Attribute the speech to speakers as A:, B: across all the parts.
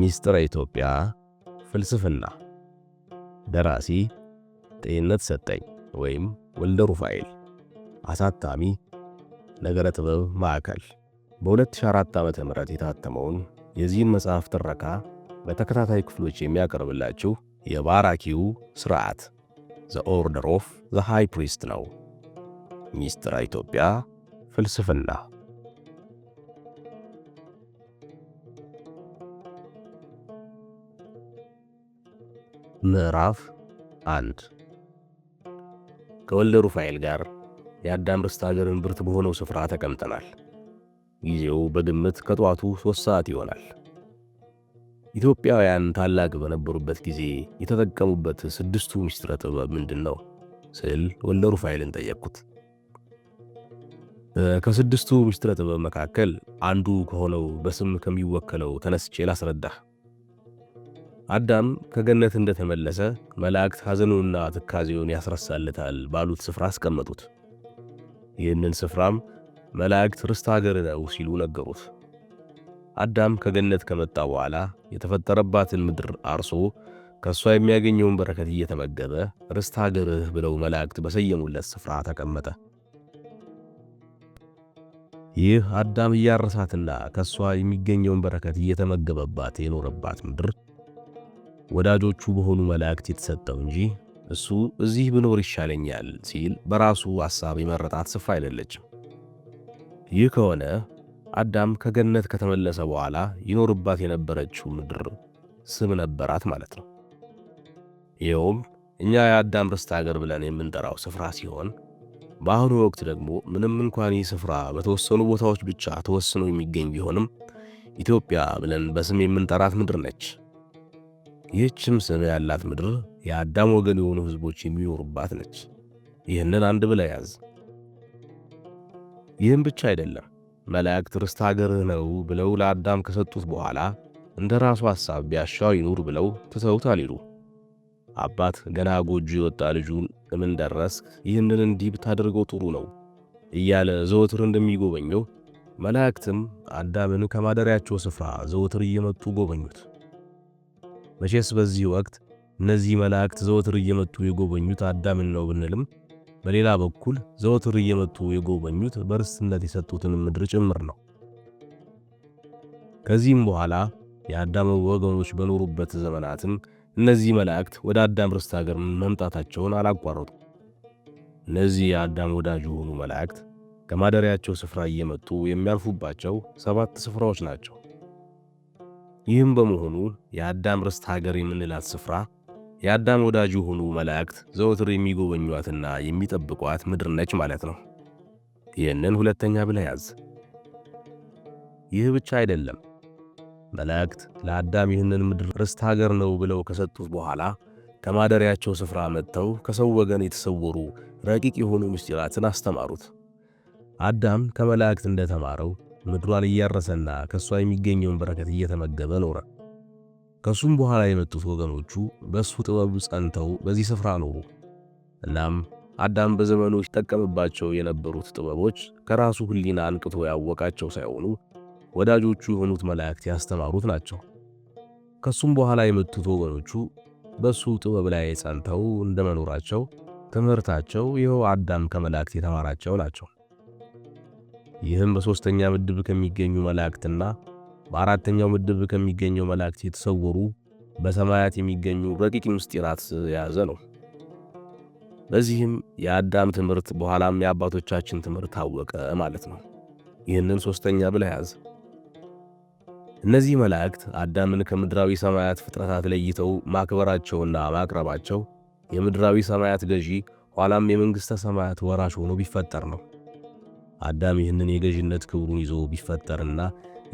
A: ሚስጥረ ኢትዮጵያ ፍልስፍና ደራሲ ጤንነት ሰጠኝ ወይም ወልደ ሩፋኤል አሳታሚ ነገረ ጥበብ ማዕከል በ2004 ዓ. ምህረት የታተመውን የዚህን መጽሐፍ ትረካ በተከታታይ ክፍሎች የሚያቀርብላችሁ የባራኪው ስርዓት ዘ ኦርደር ኦፍ ዘ ሃይ ፕሪስት ነው። ምስጢረ ኢትዮጵያ ፍልስፍና
B: ምዕራፍ አንድ ከወልደ ሩፋኤል ጋር የአዳም ርስት አገርን ብርት በሆነው ስፍራ ተቀምጠናል። ጊዜው በግምት ከጠዋቱ ሦስት ሰዓት ይሆናል። ኢትዮጵያውያን ታላቅ በነበሩበት ጊዜ የተጠቀሙበት ስድስቱ ምስጢረ ጥበብ ምንድን ነው ስል ወልደ ሩፋኤልን ጠየቅኩት። ከስድስቱ ምስጢረ ጥበብ መካከል አንዱ ከሆነው በስም ከሚወከለው ተነስቼ ላስረዳህ። አዳም ከገነት እንደተመለሰ መላእክት ሐዘኑንና ትካዜውን ያስረሳልታል ባሉት ስፍራ አስቀመጡት። ይህንን ስፍራም መላእክት ርስት አገር ነው ሲሉ ነገሩት። አዳም ከገነት ከመጣ በኋላ የተፈጠረባትን ምድር አርሶ ከእሷ የሚያገኘውን በረከት እየተመገበ ርስት አገርህ ብለው መላእክት በሰየሙለት ስፍራ ተቀመጠ። ይህ አዳም እያረሳትና ከእሷ የሚገኘውን በረከት እየተመገበባት የኖረባት ምድር ወዳጆቹ በሆኑ መላእክት የተሰጠው እንጂ እሱ እዚህ ብኖር ይሻለኛል ሲል በራሱ ሐሳብ የመረጣት ስፍራ አይደለችም። ይህ ከሆነ አዳም ከገነት ከተመለሰ በኋላ ይኖርባት የነበረችው ምድር ስም ነበራት ማለት ነው። ይኸውም እኛ የአዳም ርስት አገር ብለን የምንጠራው ስፍራ ሲሆን በአሁኑ ወቅት ደግሞ ምንም እንኳን ይህ ስፍራ በተወሰኑ ቦታዎች ብቻ ተወስኖ የሚገኝ ቢሆንም ኢትዮጵያ ብለን በስም የምንጠራት ምድር ነች። ይህችም ስም ያላት ምድር የአዳም ወገን የሆኑ ሕዝቦች የሚኖሩባት ነች። ይህንን አንድ ብለህ ያዝ። ይህም ብቻ አይደለም፣ መላእክት ርስት አገርህ ነው ብለው ለአዳም ከሰጡት በኋላ እንደ ራሱ ሐሳብ ቢያሻው ይኑር ብለው ትተውት ይሉ አባት ገና ጎጆ የወጣ ልጁን ምን ደረስክ ይህንን እንዲህ ብታደርገው ጥሩ ነው እያለ ዘወትር እንደሚጎበኘው መላእክትም አዳምን ከማደሪያቸው ስፍራ ዘወትር እየመጡ ጎበኙት። መቼስ በዚህ ወቅት እነዚህ መላእክት ዘወትር እየመጡ የጎበኙት አዳምን ነው ብንልም በሌላ በኩል ዘወትር እየመጡ የጎበኙት በርስትነት የሰጡትን ምድር ጭምር ነው። ከዚህም በኋላ የአዳም ወገኖች በኖሩበት ዘመናትም እነዚህ መላእክት ወደ አዳም ርስት ሀገር መምጣታቸውን አላቋረጡ። እነዚህ የአዳም ወዳጅ የሆኑ መላእክት ከማደሪያቸው ስፍራ እየመጡ የሚያርፉባቸው ሰባት ስፍራዎች ናቸው። ይህም በመሆኑ የአዳም ርስት ሀገር የምንላት ስፍራ የአዳም ወዳጅ የሆኑ መላእክት ዘወትር የሚጎበኟትና የሚጠብቋት ምድር ነች ማለት ነው። ይህንን ሁለተኛ ብለ ያዝ። ይህ ብቻ አይደለም። መላእክት ለአዳም ይህንን ምድር ርስት ሀገር ነው ብለው ከሰጡት በኋላ ከማደሪያቸው ስፍራ መጥተው ከሰው ወገን የተሰወሩ ረቂቅ የሆኑ ምስጢራትን አስተማሩት። አዳም ከመላእክት እንደተማረው ምድሯን እያረሰና ከእሷ የሚገኘውን በረከት እየተመገበ ኖረ። ከእሱም በኋላ የመጡት ወገኖቹ በእሱ ጥበብ ጸንተው በዚህ ስፍራ ኖሩ። እናም አዳም በዘመኑ ይጠቀምባቸው የነበሩት ጥበቦች ከራሱ ሕሊና አንቅቶ ያወቃቸው ሳይሆኑ ወዳጆቹ የሆኑት መላእክት ያስተማሩት ናቸው። ከሱም በኋላ የመጡት ወገኖቹ በሱ ጥበብ ላይ ጸንተው እንደመኖራቸው ትምህርታቸው ይኸው አዳም ከመላእክት የተማራቸው ናቸው። ይህም በሦስተኛ ምድብ ከሚገኙ መላእክትና በአራተኛው ምድብ ከሚገኘው መላእክት የተሰወሩ በሰማያት የሚገኙ ረቂቅ ምስጢራት የያዘ ነው። በዚህም የአዳም ትምህርት በኋላም የአባቶቻችን ትምህርት ታወቀ ማለት ነው። ይህንን ሦስተኛ ብለህ ያዝ። እነዚህ መላእክት አዳምን ከምድራዊ ሰማያት ፍጥረታት ለይተው ማክበራቸውና ማቅረባቸው የምድራዊ ሰማያት ገዢ ኋላም የመንግሥተ ሰማያት ወራሽ ሆኖ ቢፈጠር ነው። አዳም ይህንን የገዥነት ክብሩን ይዞ ቢፈጠርና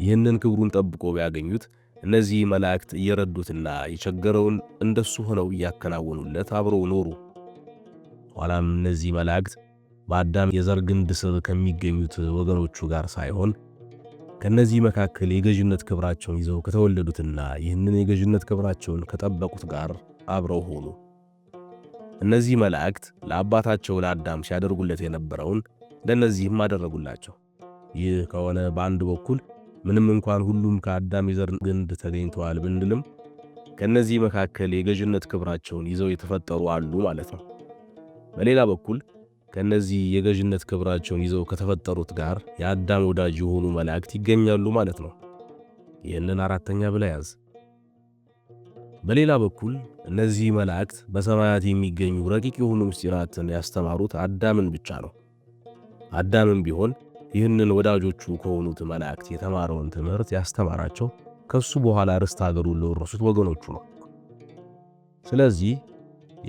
B: ይህንን ክብሩን ጠብቆ ቢያገኙት እነዚህ መላእክት እየረዱትና የቸገረውን እንደሱ ሆነው እያከናወኑለት አብረው ኖሩ። ኋላም እነዚህ መላእክት በአዳም የዘር ግንድ ስር ከሚገኙት ወገኖቹ ጋር ሳይሆን ከነዚህ መካከል የገዥነት ክብራቸውን ይዘው ከተወለዱትና ይህንን የገዥነት ክብራቸውን ከጠበቁት ጋር አብረው ሆኑ። እነዚህ መላእክት ለአባታቸው ለአዳም ሲያደርጉለት የነበረውን ለእነዚህም አደረጉላቸው። ይህ ከሆነ በአንድ በኩል ምንም እንኳን ሁሉም ከአዳም የዘር ግንድ ተገኝተዋል ብንልም ከእነዚህ መካከል የገዥነት ክብራቸውን ይዘው የተፈጠሩ አሉ ማለት ነው። በሌላ በኩል ከእነዚህ የገዥነት ክብራቸውን ይዘው ከተፈጠሩት ጋር የአዳም ወዳጅ የሆኑ መላእክት ይገኛሉ ማለት ነው። ይህንን አራተኛ ብላ ያዝ። በሌላ በኩል እነዚህ መላእክት በሰማያት የሚገኙ ረቂቅ የሆኑ ምስጢራትን ያስተማሩት አዳምን ብቻ ነው። አዳምም ቢሆን ይህንን ወዳጆቹ ከሆኑት መላእክት የተማረውን ትምህርት ያስተማራቸው ከሱ በኋላ ርስት አገሩን ለወረሱት ወገኖቹ ነው። ስለዚህ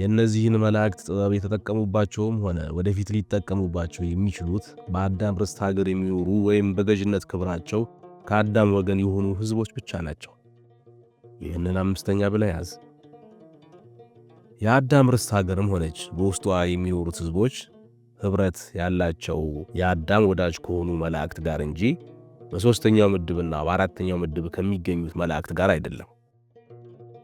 B: የእነዚህን መላእክት ጥበብ የተጠቀሙባቸውም ሆነ ወደፊት ሊጠቀሙባቸው የሚችሉት በአዳም ርስት አገር የሚኖሩ ወይም በገዥነት ክብራቸው ከአዳም ወገን የሆኑ ሕዝቦች ብቻ ናቸው። ይህንን አምስተኛ ብለ ያዝ። የአዳም ርስት ሀገርም ሆነች በውስጧ የሚኖሩት ሕዝቦች ኅብረት ያላቸው የአዳም ወዳጅ ከሆኑ መላእክት ጋር እንጂ በሦስተኛው ምድብና በአራተኛው ምድብ ከሚገኙት መላእክት ጋር አይደለም።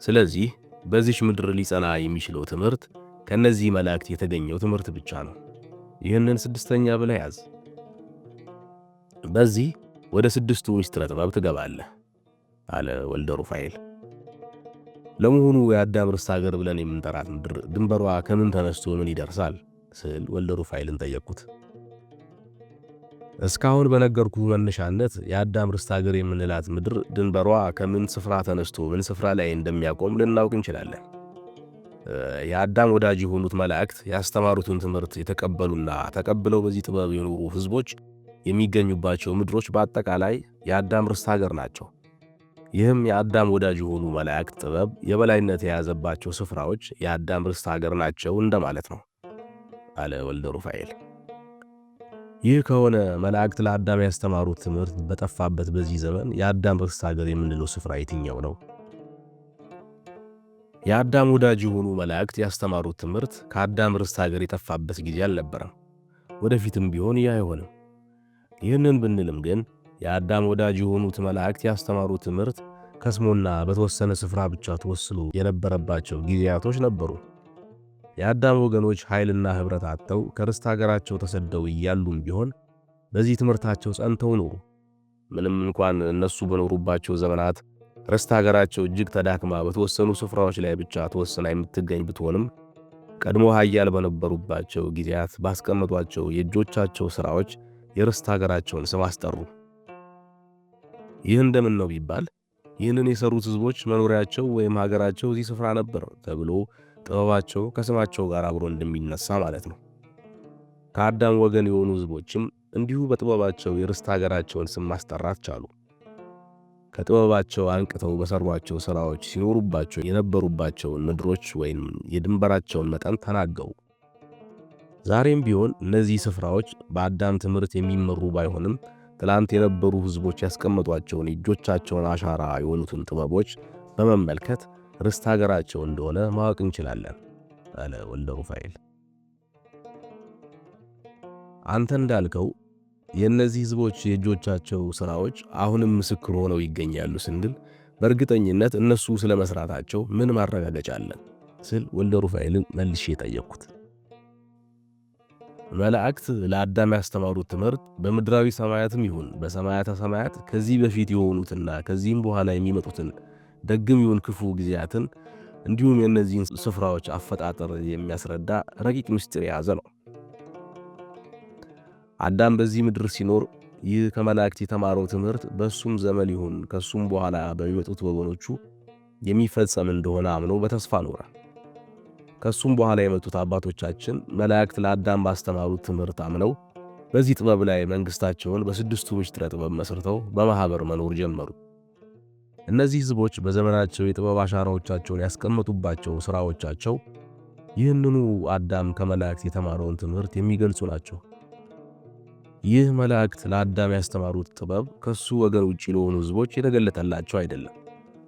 B: ስለዚህ በዚች ምድር ሊጸና የሚችለው ትምህርት ከእነዚህ መላእክት የተገኘው ትምህርት ብቻ ነው። ይህንን ስድስተኛ ብለህ ያዝ። በዚህ ወደ ስድስቱ ምስጢረ ጥበብ ትገባለህ አለ ወልደ ሩፋኤል። ለመሆኑ የአዳም ርስት አገር ብለን የምንጠራት ምድር ድንበሯ ከምን ተነስቶ ምን ይደርሳል? ስል ወልደ ሩፋኤልን ጠየቅኩት። እስካሁን በነገርኩ መነሻነት የአዳም ርስት ሀገር የምንላት ምድር ድንበሯ ከምን ስፍራ ተነስቶ ምን ስፍራ ላይ እንደሚያቆም ልናውቅ እንችላለን። የአዳም ወዳጅ የሆኑት መላእክት ያስተማሩትን ትምህርት የተቀበሉና ተቀብለው በዚህ ጥበብ የኖሩ ሕዝቦች የሚገኙባቸው ምድሮች በአጠቃላይ የአዳም ርስት ሀገር ናቸው። ይህም የአዳም ወዳጅ የሆኑ መላእክት ጥበብ የበላይነት የያዘባቸው ስፍራዎች የአዳም ርስት ሀገር ናቸው እንደማለት ነው። አለ ወልደ ሩፋኤል። ይህ ከሆነ መላእክት ለአዳም ያስተማሩት ትምህርት በጠፋበት በዚህ ዘመን የአዳም ርስት ሀገር የምንለው ስፍራ የትኛው ነው? የአዳም ወዳጅ የሆኑ መላእክት ያስተማሩት ትምህርት ከአዳም ርስት ሀገር የጠፋበት ጊዜ አልነበረም። ወደፊትም ቢሆን ይህ አይሆንም። ይህንን ብንልም ግን የአዳም ወዳጅ የሆኑት መላእክት ያስተማሩት ትምህርት ከስሞና በተወሰነ ስፍራ ብቻ ተወስኖ የነበረባቸው ጊዜያቶች ነበሩ። የአዳም ወገኖች ኃይልና ኅብረት አጥተው ከርስት አገራቸው ተሰደው እያሉም ቢሆን በዚህ ትምህርታቸው ጸንተው ኖሩ። ምንም እንኳን እነሱ በኖሩባቸው ዘመናት ርስት አገራቸው እጅግ ተዳክማ በተወሰኑ ስፍራዎች ላይ ብቻ ተወስና የምትገኝ ብትሆንም ቀድሞ ኃያል በነበሩባቸው ጊዜያት ባስቀመጧቸው የእጆቻቸው ሥራዎች የርስት አገራቸውን ስም አስጠሩ። ይህ እንደምን ነው ቢባል ይህንን የሠሩት ሕዝቦች መኖሪያቸው ወይም ሀገራቸው እዚህ ስፍራ ነበር ተብሎ ጥበባቸው ከስማቸው ጋር አብሮ እንደሚነሳ ማለት ነው። ከአዳም ወገን የሆኑ ህዝቦችም እንዲሁ በጥበባቸው የርስት ሀገራቸውን ስም ማስጠራት ቻሉ። ከጥበባቸው አንቅተው በሰሯቸው ሥራዎች ሲኖሩባቸው የነበሩባቸውን ምድሮች ወይም የድንበራቸውን መጠን ተናገው። ዛሬም ቢሆን እነዚህ ስፍራዎች በአዳም ትምህርት የሚመሩ ባይሆንም ትላንት የነበሩ ህዝቦች ያስቀመጧቸውን የእጆቻቸውን አሻራ የሆኑትን ጥበቦች በመመልከት ርስት ሀገራቸው እንደሆነ ማወቅ እንችላለን አለ ወልደ ሩፋኤል። አንተ እንዳልከው የእነዚህ ህዝቦች የእጆቻቸው ስራዎች አሁንም ምስክር ሆነው ይገኛሉ ስንል በእርግጠኝነት እነሱ ስለ መሥራታቸው ምን ማረጋገጫ አለን ስል ወልደ ሩፋኤልን መልሼ የጠየቅኩት መላእክት ለአዳም ያስተማሩት ትምህርት በምድራዊ ሰማያትም ይሁን በሰማያተ ሰማያት ከዚህ በፊት የሆኑትና ከዚህም በኋላ የሚመጡትን ደግም ይሁን ክፉ ጊዜያትን እንዲሁም የእነዚህን ስፍራዎች አፈጣጠር የሚያስረዳ ረቂቅ ምስጢር የያዘ ነው። አዳም በዚህ ምድር ሲኖር ይህ ከመላእክት የተማረው ትምህርት በእሱም ዘመን ይሁን ከእሱም በኋላ በሚመጡት ወገኖቹ የሚፈጸም እንደሆነ አምኖ በተስፋ ኖረ። ከእሱም በኋላ የመጡት አባቶቻችን መላእክት ለአዳም ባስተማሩት ትምህርት አምነው በዚህ ጥበብ ላይ መንግሥታቸውን በስድስቱ ምሥጢረ ጥበብ መስርተው በማኅበር መኖር ጀመሩ። እነዚህ ህዝቦች በዘመናቸው የጥበብ አሻራዎቻቸውን ያስቀመጡባቸው ሥራዎቻቸው ይህንኑ አዳም ከመላእክት የተማረውን ትምህርት የሚገልጹ ናቸው። ይህ መላእክት ለአዳም ያስተማሩት ጥበብ ከሱ ወገን ውጭ ለሆኑ ህዝቦች የተገለጠላቸው አይደለም።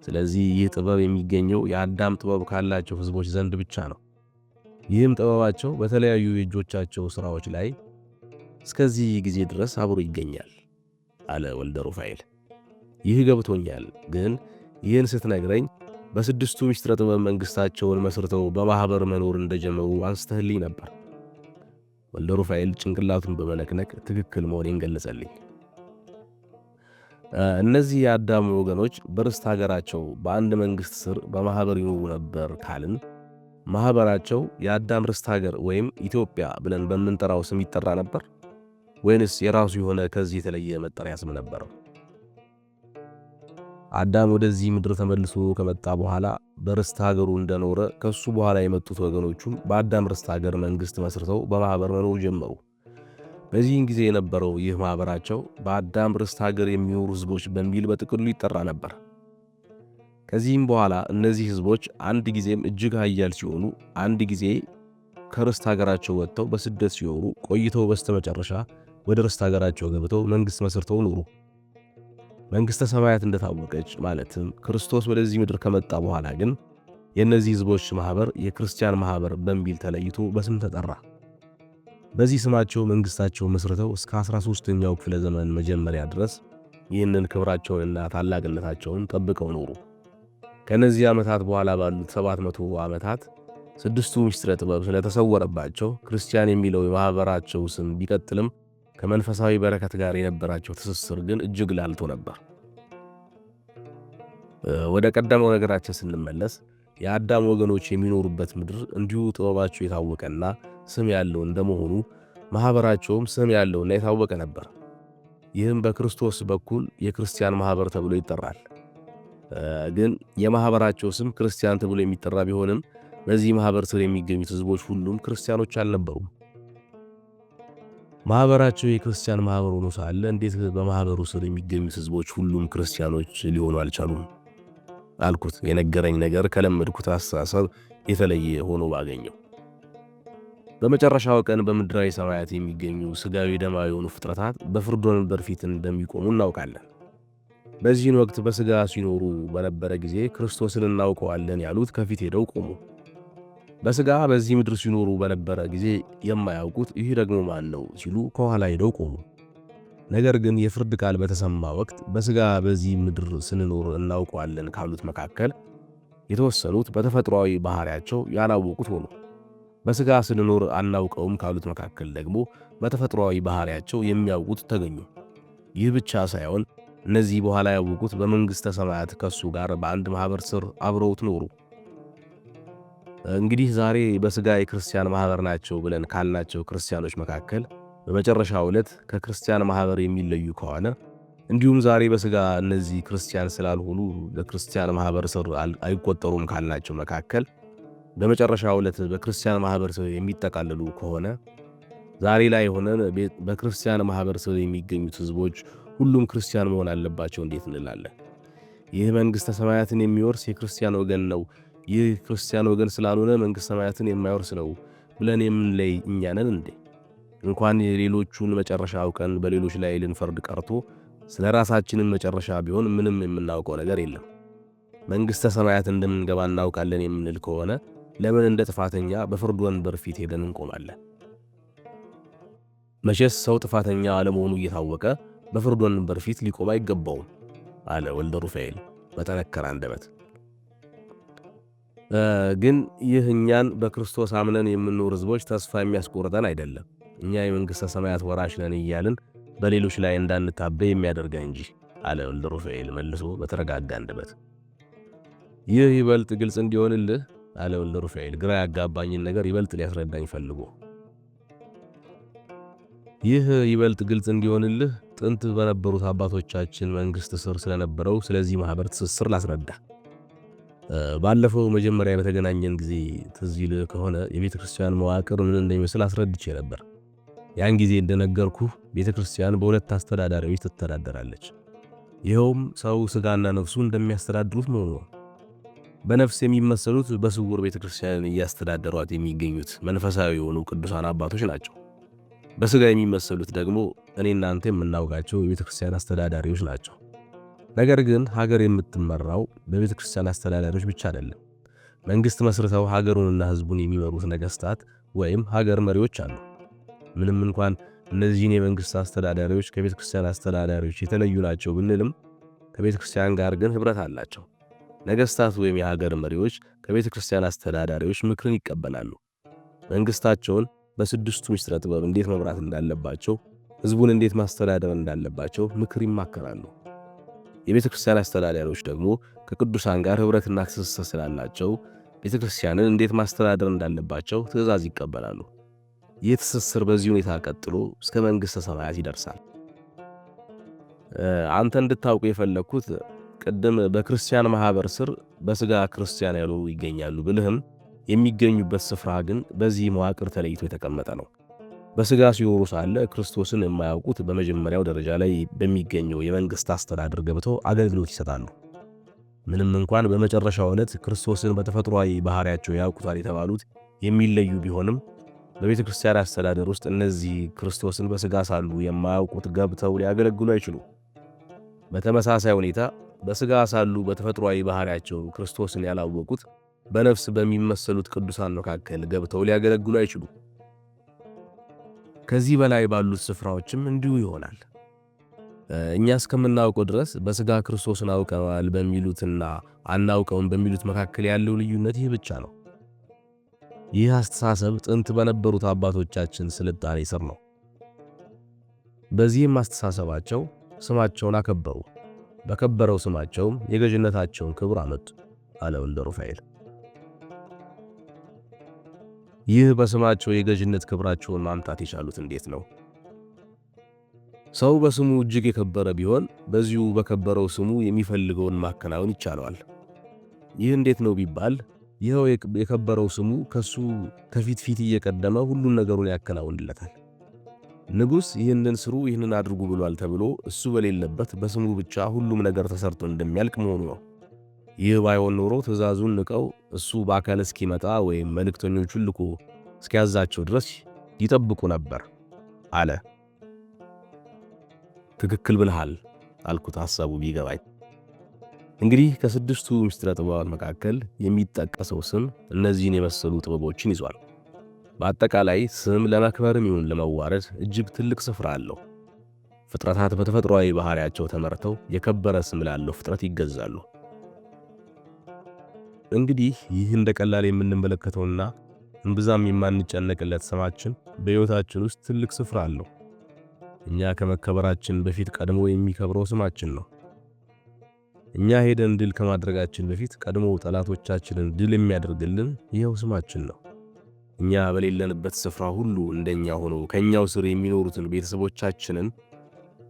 B: ስለዚህ ይህ ጥበብ የሚገኘው የአዳም ጥበብ ካላቸው ህዝቦች ዘንድ ብቻ ነው። ይህም ጥበባቸው በተለያዩ የእጆቻቸው ሥራዎች ላይ እስከዚህ ጊዜ ድረስ አብሮ ይገኛል አለ ወልደ ሩፋኤል። ይህ ገብቶኛል። ግን ይህን ስትነግረኝ በስድስቱ ምስጢረ ጥበብ መንግሥታቸውን መስርተው በማኅበር መኖር እንደጀመሩ አንስተህልኝ ነበር። ወልደ ሩፋኤል ጭንቅላቱን በመነቅነቅ ትክክል መሆኔን ገለጸልኝ። እነዚህ የአዳሙ ወገኖች በርስት ሀገራቸው በአንድ መንግሥት ስር በማኅበር ይኖሩ ነበር ካልን ማኅበራቸው የአዳም ርስት ሀገር ወይም ኢትዮጵያ ብለን በምንጠራው ስም ይጠራ ነበር ወይንስ የራሱ የሆነ ከዚህ የተለየ መጠሪያ ስም ነበረው? አዳም ወደዚህ ምድር ተመልሶ ከመጣ በኋላ በርስት ሀገሩ እንደኖረ ከሱ በኋላ የመጡት ወገኖቹም በአዳም ርስት ሀገር መንግሥት መስርተው በማኅበር መኖር ጀመሩ። በዚህን ጊዜ የነበረው ይህ ማኅበራቸው በአዳም ርስት ሀገር የሚኖሩ ሕዝቦች በሚል በጥቅሉ ይጠራ ነበር። ከዚህም በኋላ እነዚህ ሕዝቦች አንድ ጊዜም እጅግ ኃያል ሲሆኑ፣ አንድ ጊዜ ከርስት ሀገራቸው ወጥተው በስደት ሲኖሩ ቆይተው በስተመጨረሻ ወደ ርስት ሀገራቸው ገብተው መንግሥት መስርተው ኖሩ። መንግሥተ ሰማያት እንደታወቀች ማለትም ክርስቶስ ወደዚህ ምድር ከመጣ በኋላ ግን የእነዚህ ሕዝቦች ማኅበር የክርስቲያን ማኅበር በሚል ተለይቶ በስም ተጠራ። በዚህ ስማቸው መንግሥታቸው መስርተው እስከ 13ኛው ክፍለ ዘመን መጀመሪያ ድረስ ይህንን ክብራቸውንና ታላቅነታቸውን ጠብቀው ኖሩ። ከእነዚህ ዓመታት በኋላ ባሉት 700 ዓመታት ስድስቱ ምስጢረ ጥበብ ስለተሰወረባቸው ክርስቲያን የሚለው የማኅበራቸው ስም ቢቀጥልም ከመንፈሳዊ በረከት ጋር የነበራቸው ትስስር ግን እጅግ ላልቶ ነበር። ወደ ቀደመው ነገራችን ስንመለስ የአዳም ወገኖች የሚኖሩበት ምድር እንዲሁ ጥበባቸው የታወቀና ስም ያለው እንደመሆኑ ማኅበራቸውም ስም ያለውና የታወቀ ነበር። ይህም በክርስቶስ በኩል የክርስቲያን ማኅበር ተብሎ ይጠራል። ግን የማኅበራቸው ስም ክርስቲያን ተብሎ የሚጠራ ቢሆንም በዚህ ማኅበር ስር የሚገኙት ሕዝቦች ሁሉም ክርስቲያኖች አልነበሩም። ማህበራቸው የክርስቲያን ማህበር ሆኖ ሳለ እንዴት በማህበሩ ስር የሚገኙት ህዝቦች ሁሉም ክርስቲያኖች ሊሆኑ አልቻሉም አልኩት። የነገረኝ ነገር ከለመድኩት አስተሳሰብ የተለየ ሆኖ ባገኘው። በመጨረሻው ቀን በምድራዊ ሰማያት የሚገኙ ስጋዊ ደማዊ የሆኑ ፍጥረታት በፍርድ ወንበር ፊት እንደሚቆሙ እናውቃለን። በዚህን ወቅት በስጋ ሲኖሩ በነበረ ጊዜ ክርስቶስን እናውቀዋለን ያሉት ከፊት ሄደው ቆሙ። በስጋ በዚህ ምድር ሲኖሩ በነበረ ጊዜ የማያውቁት ይህ ደግሞ ማን ነው ሲሉ ከኋላ ሄደው ቆሙ። ነገር ግን የፍርድ ቃል በተሰማ ወቅት በስጋ በዚህ ምድር ስንኖር እናውቀዋለን ካሉት መካከል የተወሰኑት በተፈጥሯዊ ባህሪያቸው ያላወቁት ሆኑ። በስጋ ስንኖር አናውቀውም ካሉት መካከል ደግሞ በተፈጥሯዊ ባህሪያቸው የሚያውቁት ተገኙ። ይህ ብቻ ሳይሆን እነዚህ በኋላ ያወቁት በመንግሥተ ሰማያት ከሱ ጋር በአንድ ማኅበር ስር አብረውት ኖሩ። እንግዲህ ዛሬ በስጋ የክርስቲያን ማህበር ናቸው ብለን ካልናቸው ክርስቲያኖች መካከል በመጨረሻው ዕለት ከክርስቲያን ማህበር የሚለዩ ከሆነ እንዲሁም ዛሬ በስጋ እነዚህ ክርስቲያን ስላልሆኑ ለክርስቲያን ማህበር ስር አይቆጠሩም ካልናቸው መካከል በመጨረሻው ዕለት በክርስቲያን ማህበር ስር የሚጠቃለሉ ከሆነ ዛሬ ላይ ሆነን በክርስቲያን ማህበር ስር የሚገኙት ህዝቦች ሁሉም ክርስቲያን መሆን አለባቸው እንዴት እንላለን? ይህ መንግሥተ ሰማያትን የሚወርስ የክርስቲያን ወገን ነው ይህ ክርስቲያን ወገን ስላልሆነ መንግሥተ ሰማያትን የማይወርስ ነው ብለን የምንለይ እኛ ነን እንዴ? እንኳን የሌሎቹን መጨረሻ አውቀን በሌሎች ላይ ልንፈርድ ቀርቶ ስለ ራሳችንን መጨረሻ ቢሆን ምንም የምናውቀው ነገር የለም። መንግሥተ ሰማያት እንደምንገባ እናውቃለን የምንል ከሆነ ለምን እንደ ጥፋተኛ በፍርድ ወንበር ፊት ሄደን እንቆማለን? መቼስ ሰው ጥፋተኛ አለመሆኑ እየታወቀ በፍርድ ወንበር ፊት ሊቆም አይገባውም አለ ወልደ ሩፋኤል በጠነከረ አንደበት። ግን ይህ እኛን በክርስቶስ አምነን የምንኖር ህዝቦች ተስፋ የሚያስቆርጠን አይደለም። እኛ የመንግሥተ ሰማያት ወራሽ ነን እያልን በሌሎች ላይ እንዳንታበ የሚያደርጋ እንጂ አለ ወልደ ሩፋኤል መልሶ በተረጋጋ አንደበት። ይህ ይበልጥ ግልጽ እንዲሆንልህ አለ ወልደ ሩፋኤል ግራ ያጋባኝን ነገር ይበልጥ ሊያስረዳኝ ፈልጎ ይህ ይበልጥ ግልጽ እንዲሆንልህ ጥንት በነበሩት አባቶቻችን መንግሥት ስር ስለነበረው ስለዚህ ማኅበር ትስስር ላስረዳ ባለፈው መጀመሪያ በተገናኘን ጊዜ ትዝ ይልህ ከሆነ የቤተ ክርስቲያን መዋቅር ምን እንደሚመስል አስረድቼ ነበር። ያን ጊዜ እንደነገርኩ ቤተ ክርስቲያን በሁለት አስተዳዳሪዎች ትተዳደራለች። ይኸውም ሰው ሥጋና ነፍሱ እንደሚያስተዳድሩት መሆኑ ነው። በነፍስ የሚመሰሉት በስውር ቤተ ክርስቲያንን እያስተዳደሯት የሚገኙት መንፈሳዊ የሆኑ ቅዱሳን አባቶች ናቸው። በሥጋ የሚመሰሉት ደግሞ እኔ እናንተ የምናውቃቸው የቤተ ክርስቲያን አስተዳዳሪዎች ናቸው። ነገር ግን ሀገር የምትመራው በቤተ ክርስቲያን አስተዳዳሪዎች ብቻ አይደለም። መንግስት መስርተው ሀገሩንና ህዝቡን የሚመሩት ነገስታት ወይም ሀገር መሪዎች አሉ። ምንም እንኳን እነዚህን የመንግስት አስተዳዳሪዎች ከቤተ ክርስቲያን አስተዳዳሪዎች የተለዩ ናቸው ብንልም ከቤተ ክርስቲያን ጋር ግን ህብረት አላቸው። ነገስታት ወይም የሀገር መሪዎች ከቤተ ክርስቲያን አስተዳዳሪዎች ምክርን ይቀበላሉ። መንግስታቸውን በስድስቱ ምስጢረ ጥበብ እንዴት መምራት እንዳለባቸው፣ ህዝቡን እንዴት ማስተዳደር እንዳለባቸው ምክር ይማከራሉ። የቤተ ክርስቲያን አስተዳዳሪዎች ደግሞ ከቅዱሳን ጋር ኅብረትና ትስስር ስላላቸው ቤተ ክርስቲያንን እንዴት ማስተዳደር እንዳለባቸው ትእዛዝ ይቀበላሉ። ይህ ትስስር በዚህ ሁኔታ ቀጥሎ እስከ መንግሥተ ሰማያት ይደርሳል። አንተ እንድታውቁ የፈለግኩት ቅድም በክርስቲያን ማኅበር ስር በሥጋ ክርስቲያን ያሉ ይገኛሉ ብልህም የሚገኙበት ስፍራ ግን በዚህ መዋቅር ተለይቶ የተቀመጠ ነው። በስጋ ሲኖሩ ሳለ ክርስቶስን የማያውቁት በመጀመሪያው ደረጃ ላይ በሚገኘው የመንግሥት አስተዳደር ገብተው አገልግሎት ይሰጣሉ። ምንም እንኳን በመጨረሻው ዕለት ክርስቶስን በተፈጥሯዊ ባህሪያቸው ያውቁታል የተባሉት የሚለዩ ቢሆንም በቤተ ክርስቲያን አስተዳደር ውስጥ እነዚህ ክርስቶስን በስጋ ሳሉ የማያውቁት ገብተው ሊያገለግሉ አይችሉ። በተመሳሳይ ሁኔታ በስጋ ሳሉ በተፈጥሯዊ ባህሪያቸው ክርስቶስን ያላወቁት በነፍስ በሚመሰሉት ቅዱሳን መካከል ገብተው ሊያገለግሉ አይችሉም። ከዚህ በላይ ባሉት ስፍራዎችም እንዲሁ ይሆናል። እኛ እስከምናውቀው ድረስ በሥጋ ክርስቶስን አውቀናል በሚሉትና አናውቀውን በሚሉት መካከል ያለው ልዩነት ይህ ብቻ ነው። ይህ አስተሳሰብ ጥንት በነበሩት አባቶቻችን ስልጣኔ ስር ነው። በዚህም አስተሳሰባቸው ስማቸውን አከበሩ፣ በከበረው ስማቸውም የገዥነታቸውን ክብር አመጡ አለው እንደ ሩፋኤል። ይህ በስማቸው የገዥነት ክብራቸውን ማምጣት የቻሉት እንዴት ነው? ሰው በስሙ እጅግ የከበረ ቢሆን በዚሁ በከበረው ስሙ የሚፈልገውን ማከናወን ይቻለዋል። ይህ እንዴት ነው ቢባል ይኸው የከበረው ስሙ ከሱ ከፊት ፊት እየቀደመ ሁሉን ነገሩን ያከናውንለታል። ንጉሥ ይህንን ስሩ፣ ይህንን አድርጉ ብሏል ተብሎ እሱ በሌለበት በስሙ ብቻ ሁሉም ነገር ተሰርቶ እንደሚያልቅ መሆኑ ነው። ይህ ባይሆን ኖሮ ትእዛዙን ንቀው እሱ በአካል እስኪመጣ ወይም መልእክተኞቹን ልኮ እስኪያዛቸው ድረስ ይጠብቁ ነበር አለ። ትክክል ብልሃል አልኩት፣ ሐሳቡ ቢገባኝ። እንግዲህ ከስድስቱ ምስጢረ ጥበባት መካከል የሚጠቀሰው ስም እነዚህን የመሰሉ ጥበቦችን ይዟል። በአጠቃላይ ስም ለመክበርም ይሁን ለመዋረድ እጅግ ትልቅ ስፍራ አለው። ፍጥረታት በተፈጥሯዊ ባህሪያቸው ተመርተው የከበረ ስም ላለው ፍጥረት ይገዛሉ። እንግዲህ ይህ እንደ ቀላል የምንመለከተውና እምብዛም የማንጨነቅለት ስማችን በሕይወታችን ውስጥ ትልቅ ስፍራ አለው። እኛ ከመከበራችን በፊት ቀድሞ የሚከብረው ስማችን ነው። እኛ ሄደን ድል ከማድረጋችን በፊት ቀድሞ ጠላቶቻችንን ድል የሚያደርግልን ይኸው ስማችን ነው። እኛ በሌለንበት ስፍራ ሁሉ እንደኛ ሆኖ ከእኛው ስር የሚኖሩትን ቤተሰቦቻችንን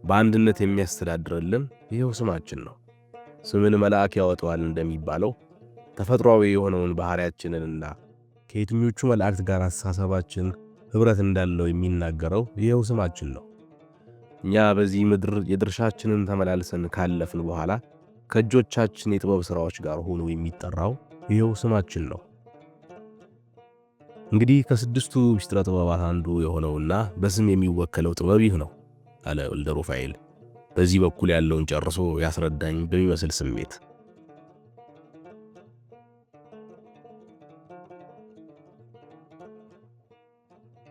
B: በአንድነት የሚያስተዳድርልን ይኸው ስማችን ነው። ስምን መልአክ ያወጣዋል እንደሚባለው ተፈጥሯዊ የሆነውን ባህሪያችንንና ከየትኞቹ መላእክት ጋር አስተሳሰባችን ኅብረት እንዳለው የሚናገረው ይኸው ስማችን ነው። እኛ በዚህ ምድር የድርሻችንን ተመላልሰን ካለፍን በኋላ ከእጆቻችን የጥበብ ሥራዎች ጋር ሆኖ የሚጠራው ይኸው ስማችን ነው። እንግዲህ ከስድስቱ ምስጢረ ጥበባት አንዱ የሆነውና በስም የሚወከለው ጥበብ ይህ ነው አለ ወልደ ሩፋኤል በዚህ በኩል ያለውን ጨርሶ ያስረዳኝ በሚመስል ስሜት